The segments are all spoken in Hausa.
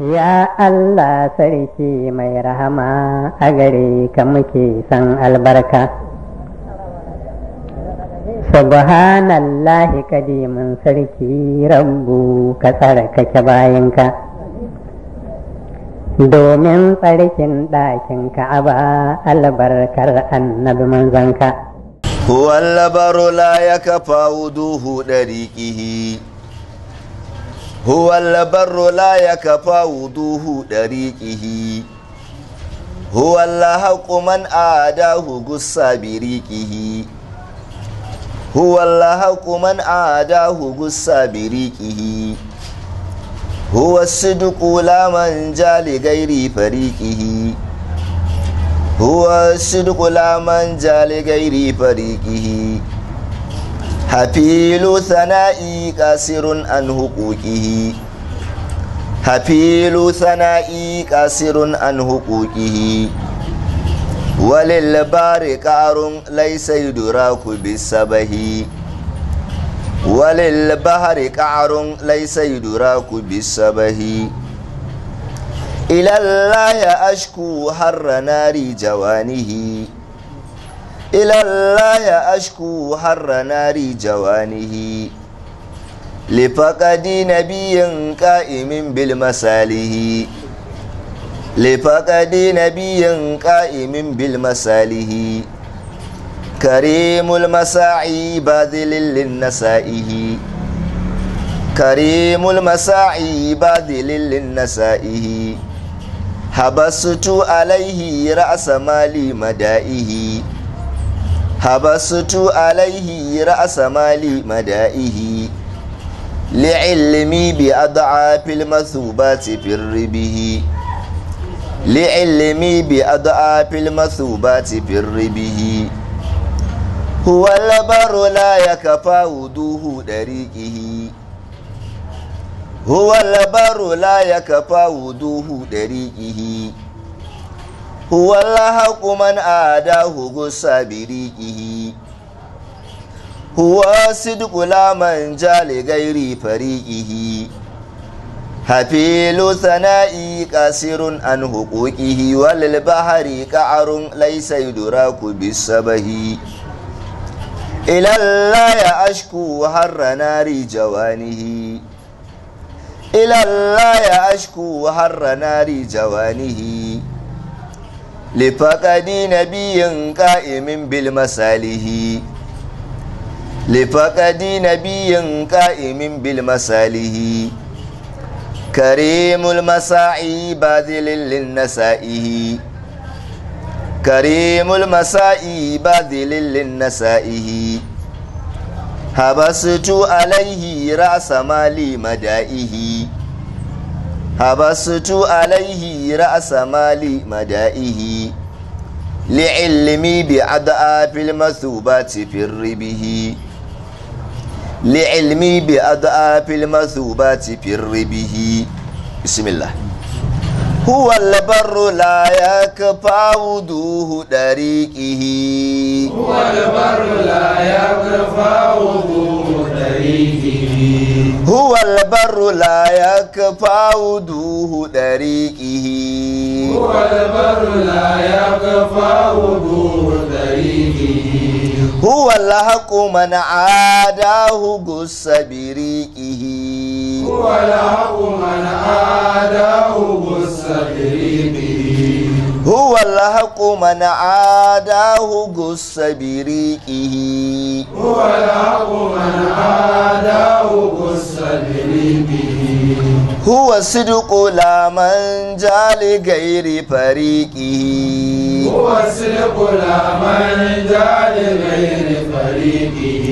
Ya Allah sarki mai rahama a gare ka muke san albarka. Subhanallahi kadimin sarki rabbu ka tsara kake bayanka. Domin tsarkin ɗakin ka'aba albarkar annabi manzanka. Huwa labaru la ya kafa wuduhu ɗariƙihi. huwallabarro la ya kafa wuduhu ɗariƙihi huwallahaƙuman adahu gussa birikihi huwallahaƙuman adahu gussa birikihi huwassu duk ulaman jali gairi fariƙihi huwassu duk ulaman jali gairi fariƙihi huwassu duk laman jali gairi fariƙihi hafilu sana'i kasirun an hukukihi hafilu sana'i kasirun an hukukihi walil bari karun laisa yudraku bisabahi walil bahari karun laisa yudraku bisabahi ilallahi ashku harra nari jawanihi إلى الله يا أشكو حر نار جوانه لفقد نبي قائم بالمساله لفقد نبي قائم بالمساله كريم المساعي باذل للنسائه كريم المساعي باذل للنسائه حبست عليه رأس مالي مدائه habastu alaihi ra'asa mali mada'ihi li'ilmi bi ad'afil mathubati fir ribihi li'ilmi bi ad'afil mathubati fir ribihi huwa labaru barru la yakfa wuduhu dariqihi huwa labaru barru la yakfa wuduhu dariqihi هو الحق من آداه غصة بريقه هو صدق لا من جاء لغير فريقه هفيل ثنائي كاسر عن حقوقه وللبحر كعر ليس يدرك بالسبه إلى الله أشكو هر نار جوانه إلى الله أشكو هر نار جوانه lifaqadi nabiyin qa'imin bil masalihi lifaqadi nabiyin qa'imin bil masalihi karimul masa'i badilil lin nasa'ihi karimul masa'i badilil lin nasa'ihi habasatu alayhi ra'sa mali madaihi habastu alaihi ra'asa mali madaihi li'ilmi bi ada'a fil masubati fil ribihi li'ilmi bi ada'a fil masubati fil ribihi bismillah هو البر لا يكفى وضوه طريقه هو البر لا يكفى وضوه طريقه هو البر لا يكفى وضوه طريقه هو البر لا يكفى وضوه طريقه هو الحق من عاداه قص بريقه هو الحق من عاداه قص هو الحق من عاداه قص بريقه هو الحق من عاداه هو الصدق لا من جاء لغير فريقه هو الصدق لا من جاء لغير فريقه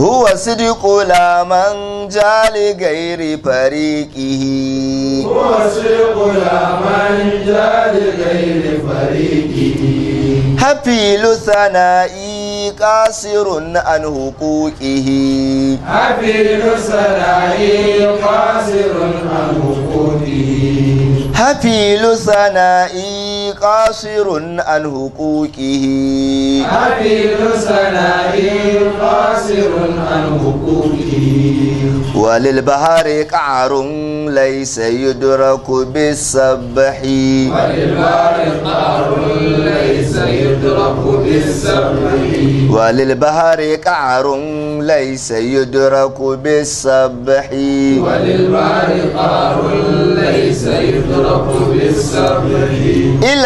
هو الصدق لا من جاء لغير فريقه هو الصدق لا من جاء لغير فريقه هفيل ثنائي qasirun an huquqihi Hafilu sana'i qasirun an قاصر عن حقوقه عبيد سناء قاصر عن حقوقه وللبهار قعر ليس يدرك بالسبح وللبهار قعر ليس يدرك بالسبح وللبهار قعر ليس يدرك بالسبح وللبهار قعر ليس يدرك بالسبح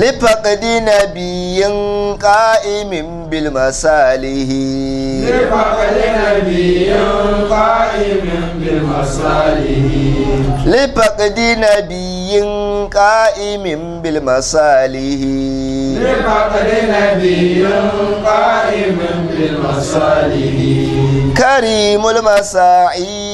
lipoɣɗi na biyun ka in min bilma salihi. lipoɣɗi na biyun ka in min bilma salihi. lipoɣɗi na biyun ka in min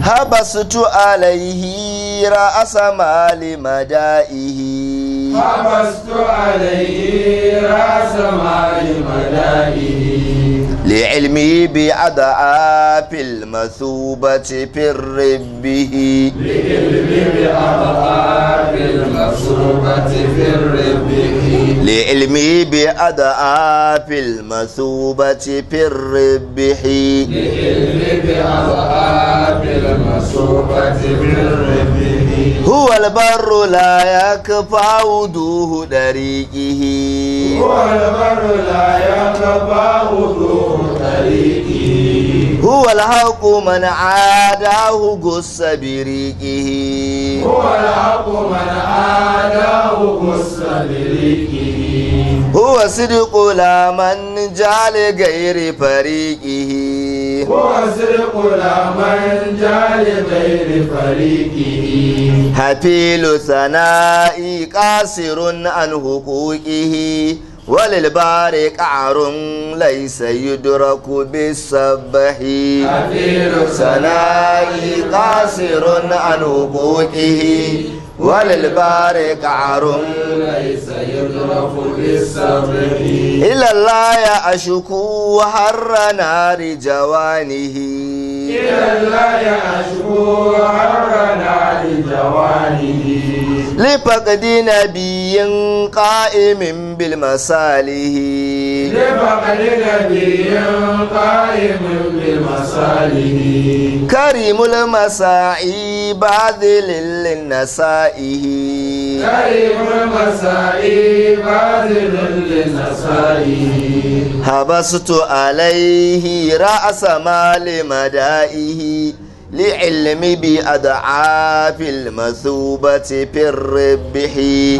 habastu alaihi ra'asa mali mada'ihi habastu alaihi ra'asa mali mada'ihi لعلمي بأدعى في المثوبة في ربه لعلمي بأدعى في المثوبة في ربه لعلمي بأدعى في المثوبة في ربه بأدعى في المثوبة في ربه Huwa albarru la ya kafa wa duhu dari Huwal albarru la ya kafa wa duhu Huwal haƙuman aya da hukusa biri kini. Huwal haƙuman aya Huwa siddiƙo la man ja lega iri fariƙi. ko asir ƙulaman jalibai da fariki hafilu sana'i kasirun an hukuki walil bari ƙarun laisa yudraku bi sabahi hafilu sana'i kasirun an hukuki وللبارك عرم ليس يدرف بالسطح إلى الله أشكو حر نار جوانه لفقدنا نبي قائم بالمصالح لفقدنا نبي قائم بالمصالح كريم المساعي باذل للنسائه كريم المساعي باذل للنسائه هبست عليه رأس مال مدائه أدعائه لعلم بأضعاف المثوبة في الربح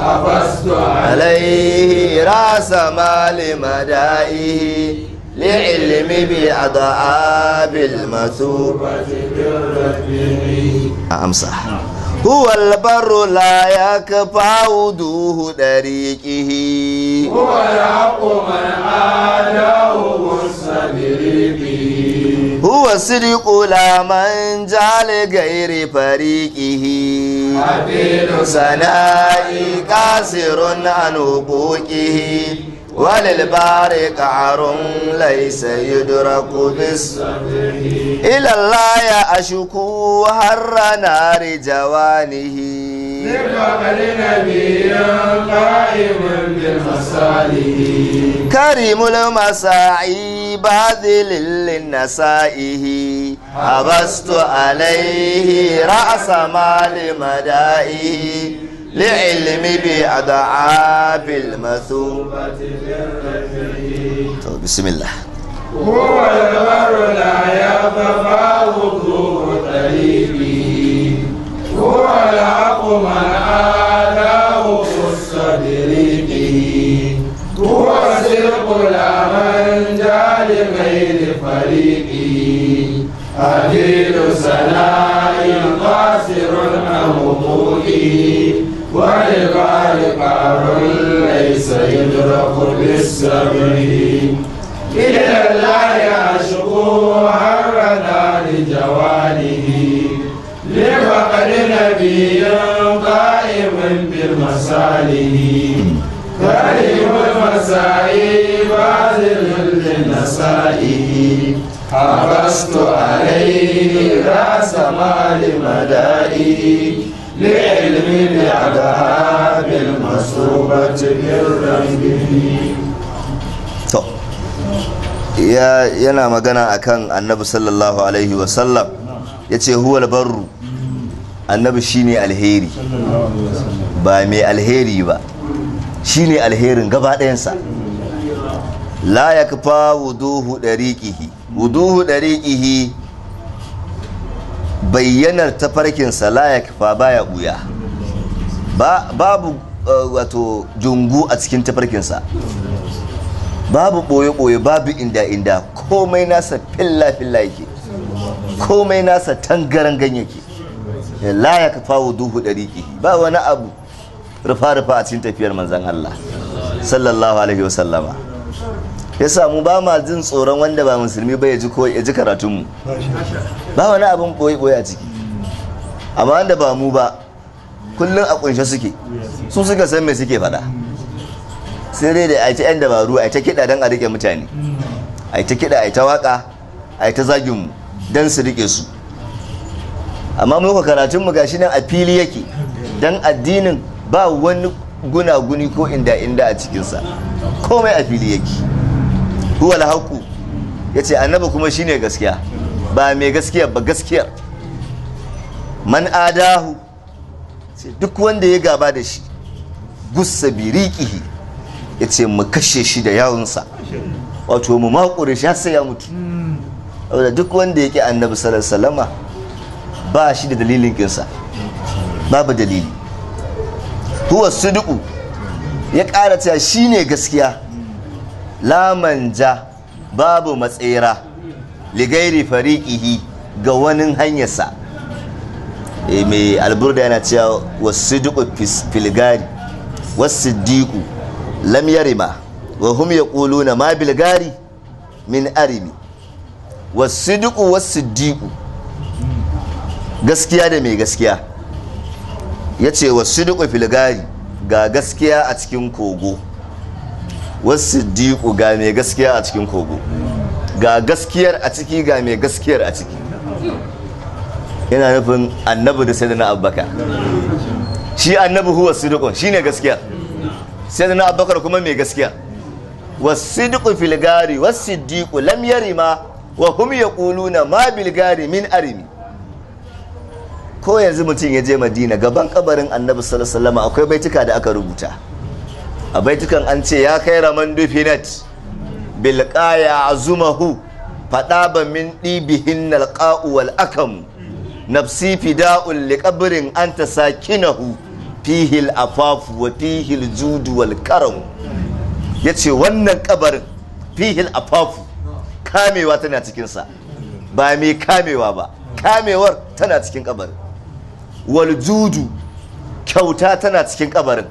حفظت عليه رأس مال مدائه لعلم بأضعاف المثوبة في الربح أمسح هو البر لا يكفى وجوه دريكه هو الحق من a wasu ni gairi fariƙi. a fili sana'i ƙasirun nanu ƙoki. wani libaari ƙarom laifin yudura kudus. i lallaya ashiku haramari jawani. yau da wakanni na biya. fara باذل لنسائه هبست عليه رأس مال مدائه لعلمي بأدعاب المثوبة طيب بسم الله هو البر لا يخفى وجوه طريقه هو الحق من آلاه الصدريق هو صدق الآية طريقي أدير سناء قاصر عن وضوئي ولقال قار ليس يدرك بالسبب إلى الله أشكو حرنا لجواله لفقد نبي قائم بمصالحه مسائه حرصت عليه رأس مال مدائي لعلم الأدهى بالمصروبة بالرمي ya yana magana akan annabi sallallahu alaihi wasallam ya ce huwa barru annabi shine alheri ba mai alheri ba shine alherin gaba ɗayansa la ya kafa wuduhu ɗariƙihi wuduhu ɗariƙihi bayyanar tafarkinsa la ya kafa baya ɓuya babu wato jungu a cikin tafarkinsa babu ɓoye-ɓoye babu inda-inda komai nasa filla-filla yake komai nasa tangaran ganyake la ya kafa wuduhu ɗariƙihi ba wani abu rufa-rufa a cikin tafiyar manzan Allah sallallahu alaihi wasallama ya samu ba ma jin tsoron wanda ba musulmi ba ya ji ko ya ji mu ba wani abin boye boye a ciki amma wanda ba mu ba kullum a kunshe suke su suka san me suke faɗa sai dai da a ta yan dabaru a ta kiɗa don a rike mutane a ta kiɗa a ta waƙa a ta zagin mu don su rike su amma mu muka karatun mu gashi nan a fili yake dan addinin ba wani gunaguni ko inda inda a cikinsa komai a fili yake huwal haku ya ce annabi kuma shine gaskiya ba mai gaskiya ba gaskiyar man adahu duk wanda ya gaba da shi gussa birikihi ya ce mu kashe shi da yawunsa wato mu makure shi sai ya mutu wadda duk wanda ya ki annabi salama ba shi da dalilin kinsa babu dalili huwa sudu'u ya ƙara shi ne gaskiya lamanja babu matsera ligairi fariƙihi ga wani hanyarsa eh, mai alburda yana cewa wasu duku filgari wasu diku lam yarima wa hum ya na ma bilgari min arimi wasu duku wasu diku gaskiya da mai gaskiya ya ce wasu duku filgari ga gaskiya a cikin kogo wasu diku ga mai gaskiya a cikin kogo ga gaskiyar a ciki ga mai gaskiyar a ciki yana nufin annabi da sayyidina abubakar shi annabi huwa sidikun shi ne gaskiya sayyidina abubakar kuma mai gaskiya Filigari wasu wasidiku lam yarima wa hum yaquluna ma bilgari min arimi ko yanzu mutum ya je madina gaban kabarin annabi sallallahu alaihi wasallam akwai baitika da aka rubuta a baitukan an ce ya kai raman dufinat bilkaya azumahu faɗa ba min ɗibihin nalƙa'u wal akam nafsi fida'un liƙabirin an ta sakinahu fihil afafu wa fihil judu wal karamu ya ce wannan kabarin fihil afafu kamewa tana cikinsa ba mai kamewa ba kamewar tana cikin kabarin wal judu kyauta tana cikin kabarin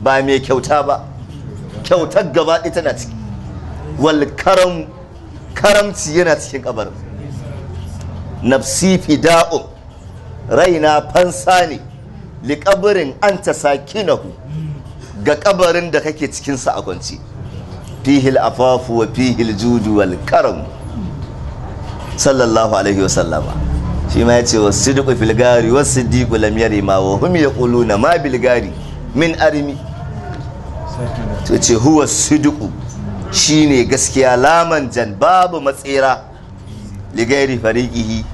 ba mai kyauta ba kyautar gaba ɗaya tana ciki wal karam karamci yana cikin kabar nafsi fida'un raina fansa ne liƙabirin an ta sakinahu ga kabarin da kake cikinsa a kwanci fihil afafu wa fihil juju wal karam sallallahu alaihi wasallama shi ma ya ce wasu siddiƙu filgari wasu siddiƙu ma wa hum ya na ma bilgari min arimi ta ce huwa siduku shine gaskiya laman jan babu matsera ligairi fariqihi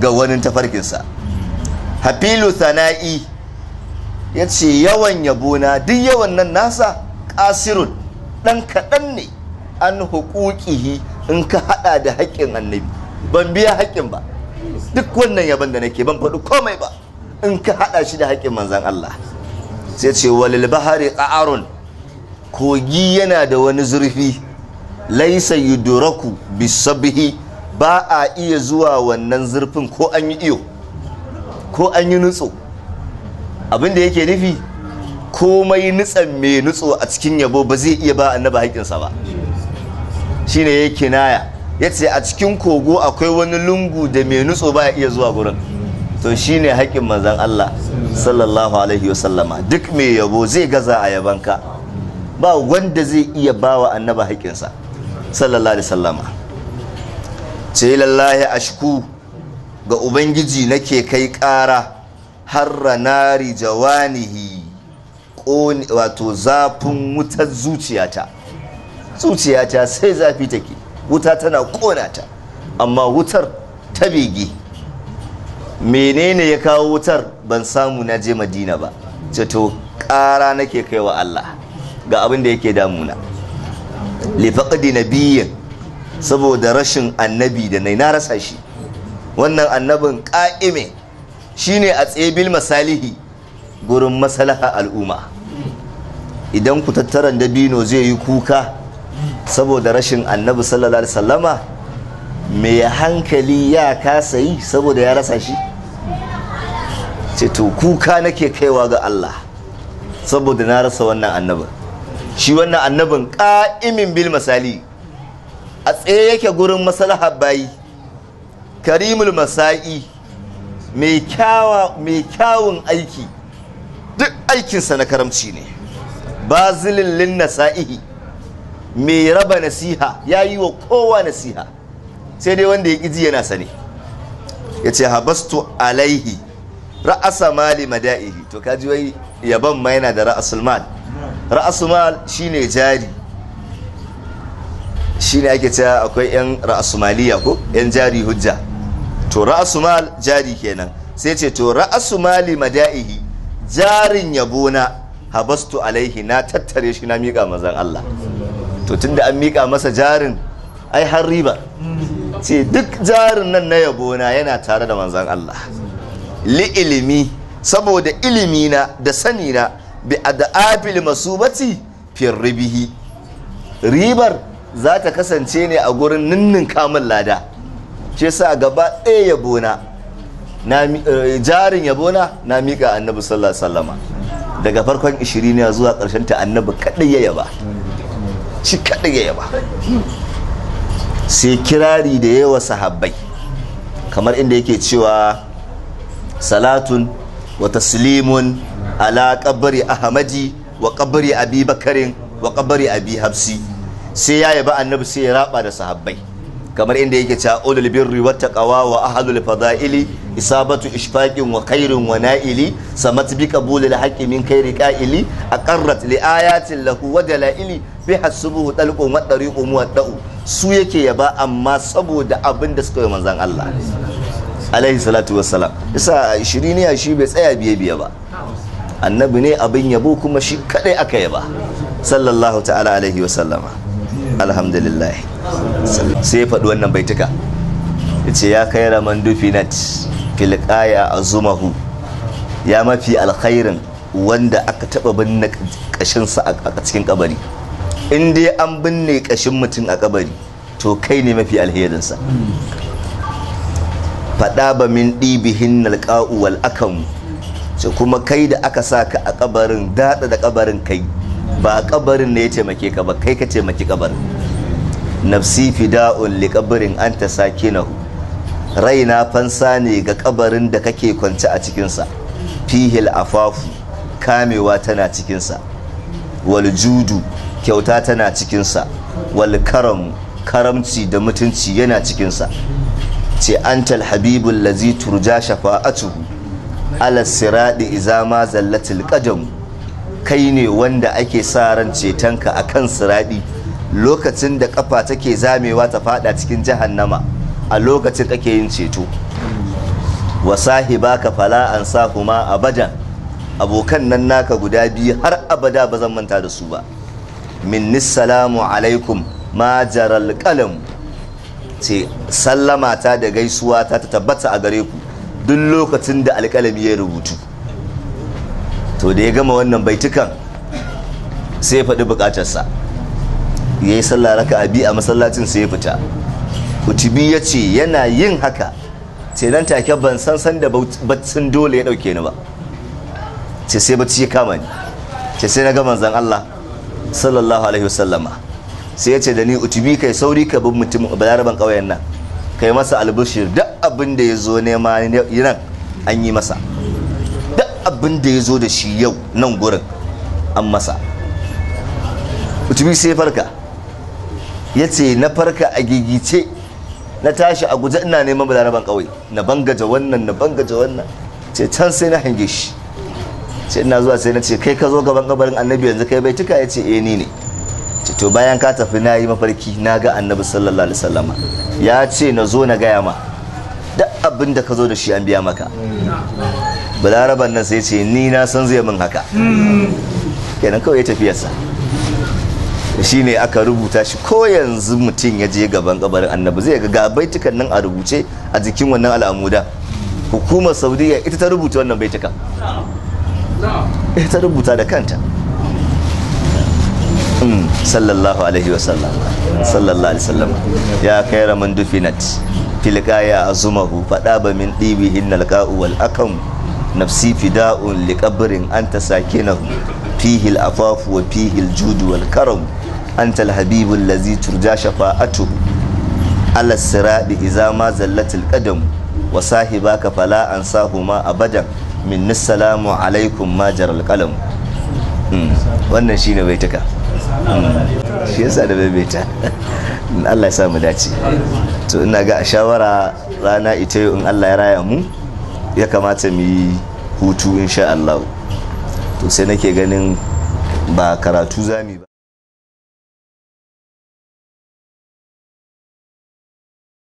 ga wani tafarkinsa hafilu sana'i ya ce yawan yabona duk yawan nan nasa kasirun ɗan kaɗan ne an hukukihi in ka haɗa da haƙƙin annabi ban biya haƙƙin ba duk wannan yaban da nake ban faɗi komai ba in ka haɗa shi da haƙƙin manzan Allah sai ce walil bahari ƙa'arun kogi yana da wani zurfi laisa yuduraku bisabihi ba a iya zuwa wannan zurfin ko an yi iyo ko an yi nutso abinda yake nufi komai nutsan mai nutso a cikin yabo ba zai iya ba annaba haƙinsa ba shine ya kinaya ya ce a cikin kogo akwai wani lungu da mai nutso ba iya zuwa gurin to shine haƙin manzan Allah sallallahu alaihi wasallama duk mai yabo zai gaza a yabanka ba wanda zai iya bawa annaba haƙinsa sallallahu alaihi sallama ce lallahi ashku ga ubangiji nake kai ƙara har nari jawanihi wato zafin wutar zuciyata zuciyata sai zafi take wuta tana ƙonata amma wutar ta bege menene ya kawo wutar ban samu na je madina ba ce to ƙara nake kai wa allah ga abin da yake damuna lifaqdi biyan. saboda rashin annabi da nai na rasa shi wannan annabin ƙa'ime shine a tsebil masalihi gurin masalaha al'umma idan ku tattaran dabino zai yi kuka saboda rashin annabi sallallahu alaihi sallama mai hankali ya kasa yi saboda ya rasa shi ce to kuka nake kaiwa ga Allah saboda na rasa wannan annabin shi wannan annabin ƙa'imin bil masali a tsaye yake gurin maslahar bayi karimul masa'i mai kyawun aiki duk aikinsa na karamci ne bazilin lin nasa'ihi mai raba nasiha ya yi wa kowa nasiha sai dai wanda ya ƙi yana sani ya ce habastu alaihi ra'asa mali mada'ihi to kaji wai yaban ma yana da ra'asul mali ra'asumal shine jari shine ake cewa akwai yan ra'asumaliya ko yan jari hujja to ra'asumal jari kenan sai ce to ra'asumali mada'ihi jarin yabona habastu alaihi na tattare shi na miƙa mazan Allah to tunda an miƙa masa jarin ai har riba ce duk jarin nan na yabona yana tare da manzan Allah li ilimi saboda ilimina da sanina bi adafil masubati fi ribihi ribar za ta kasance ne a gurin ninnin kamun lada ce sa gaba ɗaya yabona eh, jarin yabona na miƙa annabi sallallahu sallama daga farkon ishiriniya zuwa ƙarshen ta annabi kaɗai ya yaba shi kaɗai ya yaba sai kirari da yawa sahabbai kamar inda yake cewa salatun wata taslimun ala kabari ahmadi wa kabari abi bakarin wa kabari abi habsi sai ya yaba annabi sai ya raba da sahabbai kamar inda yake cewa ulul birri wat taqwa wa ahlul fadaili isabatu ishfaqin wa khairin wa na'ili samat bi qabulil haqqi min khairi qa'ili aqarrat li ayatin lahu wa dalaili bi hasubuhu talqun wa dariqu muwadda'u su yake yaba amma saboda abin da suka yi manzon Allah alaihi salatu wassalam isa shiriniya shi bai tsaya biye biye ba annabi ne abin yabo kuma shi kadai aka yaba sallallahu ta'ala alaihi wa sallama alhamdulillah sai ya faɗi wannan baituka yace ya kai raman dufinat fil qaya azumahu ya mafi alkhairin wanda aka taba binne sa a cikin kabari in dai an binne kashin mutum a kabari to kai ne mafi alherinsa faɗa ba min dibihin nalqa'u wal akamu ce kuma kai da aka sa ka a kabarin daɗa da kabarin kai ba kabarin ne ya taimake ka ba kai ka taimaki kabarin nafsi fida'un li kabarin an ta sakinahu raina fansa ne ga kabarin da kake kwance a cikinsa fihil afafu kamewa tana cikinsa wal judu kyauta tana cikinsa wal karam karamci da mutunci yana cikinsa ce antal Habibu lazi turja shafa'atuhu ala siradi iza ma zallatil qadam kai ne wanda ake sa ran cetonka akan siradi lokacin da kafa take zamewa ta fada cikin jahannama a lokacin kake yin ceto wa sahibaka fala an kuma abada abokan nan naka guda biyu har abada ba zan manta da su ba minni salamu alaikum ma jaral qalam ce sallama ta da gaisuwa ta tabbata a gare ku duk lokacin da alƙalami ya rubutu to da ya gama wannan baitukan sai ya faɗi buƙatarsa ya yi sallaraka a bi a masallacin sai ya fita utubi ya ce yana yin haka sai nan take ban san san da baccin dole ya ɗauke ni ba ce sai bacci ya kama ni ce sai na ga manzan Allah sallallahu alaihi wasallama sai ya ce da ni utubi kai sauri ka bin mutum balaraban ƙauyen nan kai masa albishir duk abin da ya zo nema nan an yi masa duk abin da ya zo da shi yau nan gurin an masa mutumi sai farka ya ce na farka a gigice na tashi a guje ina neman balaraban kawai na bangaja wannan na bangaja wannan ce can sai na hange shi ce ina zuwa sai na ce kai ka zo gaban kabarin annabi yanzu kai bai tuka ya ce eh ni ne ce to bayan ka tafi na yi mafarki na ga annabi sallallahu alaihi wasallama ya ce na zo na gaya ma duk abin da ka zo da shi an biya maka balaraban nan sai ce ni na san zai min haka kenan kawai ya tafiyarsa shi ne aka rubuta shi ko yanzu mutum ya je gaban kabarin annabi zai ga baitukan nan a rubuce a jikin wannan al'amuda hukumar saudiya ita ta rubuta wannan baitukan ita ta rubuta da kanta sallallahu alaihi wasallam sallallahu alaihi wasallam ya kaira man dufinat filqaya azumahu ba min dibihin nalqa'u wal akam nafsi fida'un liqabrin anta sakinahu fihi al afafu wa fihi al judu wal karam anta al habibu allazi turja shafa'atu ala sirati idza ma zallatil qadam wa sahibaka fala ansahuma abadan min salamu alaikum ma jaral qalam hmm. wannan shine baitaka Hmm. shi yasa da bebeta in Allah ya samu dace to ina ga a shawara rana ita yau in Allah ya raya mu ya kamata mu yi hutu insha Allah to sai nake ganin ba karatu zami ba